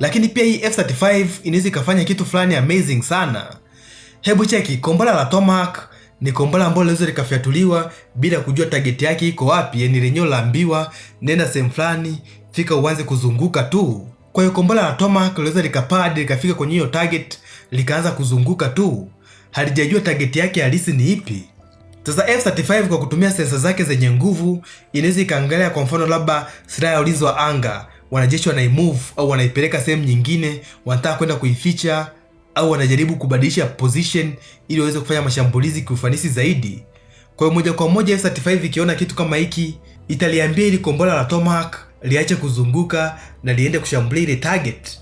lakini pia hii F35 inaweza ikafanya kitu fulani amazing sana. Hebu cheki, kombora la Tomahawk ni kombora ambalo linaweza likafyatuliwa bila kujua target yake iko wapi, yani lenyewe laambiwa nenda sehemu fulani, fika uanze kuzunguka tu. Kwa hiyo kombora la Tomahawk linaweza likapad likafika kwenye hiyo target likaanza kuzunguka tu, halijajua target yake halisi ni ipi. Sasa F35 kwa kutumia sensa zake zenye nguvu inaweza ikaangalia, kwa mfano labda silaha ya ulinzi wa anga wanajeshi wanaimove au wanaipeleka sehemu nyingine, wanataka kwenda kuificha au wanajaribu kubadilisha position ili waweze kufanya mashambulizi kiufanisi zaidi. Kwa hiyo moja kwa moja F35 ikiona kitu kama hiki italiambia ili kombora la Tomahawk liache kuzunguka na liende kushambulia ile target.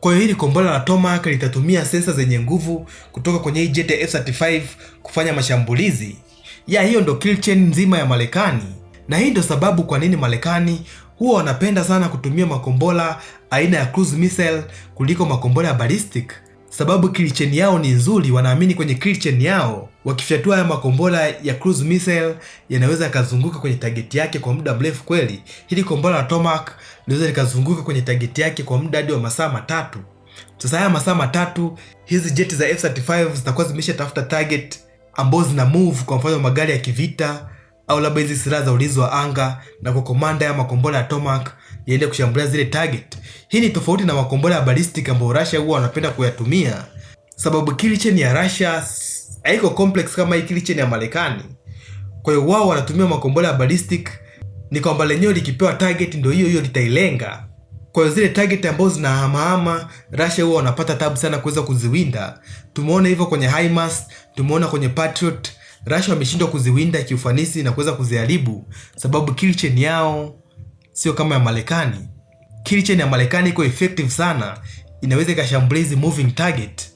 Kwa hiyo hili kombora la Tomahawk litatumia sensa zenye nguvu kutoka kwenye hii jet F35 kufanya mashambulizi ya hiyo. Ndo kill chain nzima ya Marekani na hii ndio sababu kwa nini Marekani huwa wanapenda sana kutumia makombora aina ya cruise missile kuliko makombora ya ballistic, sababu kilicheni yao ni nzuri. Wanaamini kwenye kilicheni yao, wakifyatua haya makombora ya cruise missile yanaweza yakazunguka kwenye tageti yake kwa muda mrefu kweli. Hili kombora la Tomahawk linaweza likazunguka kwenye tageti yake kwa muda hadi wa masaa matatu. Sasa haya masaa matatu, hizi jeti za F35 zitakuwa zimeshatafuta target ambazo zina move, kwa mfano magari ya kivita au labda hizi silaha za ulinzi wa anga na kwa komanda ya makombora ya Tomak yaende kushambulia zile target. Hii ni tofauti na makombora ya ballistic ambayo Russia huwa wanapenda kuyatumia, sababu kill chain ya Russia haiko complex kama hii kill chain ya Marekani. Kwa hiyo wao wanatumia makombora ya ballistic, ni kwamba lenyewe likipewa target ndio hiyo hiyo litailenga. Kwa hiyo zile target ambazo zinahamahama Russia huwa wanapata tabu sana kuweza kuziwinda. Tumeona hivyo kwenye HIMARS, tumeona kwenye Patriot Russia wameshindwa kuziwinda kiufanisi na kuweza kuziharibu, sababu kilichen yao sio kama ya Marekani. kilichen ya Marekani iko effective sana, inaweza ikashambulizi moving target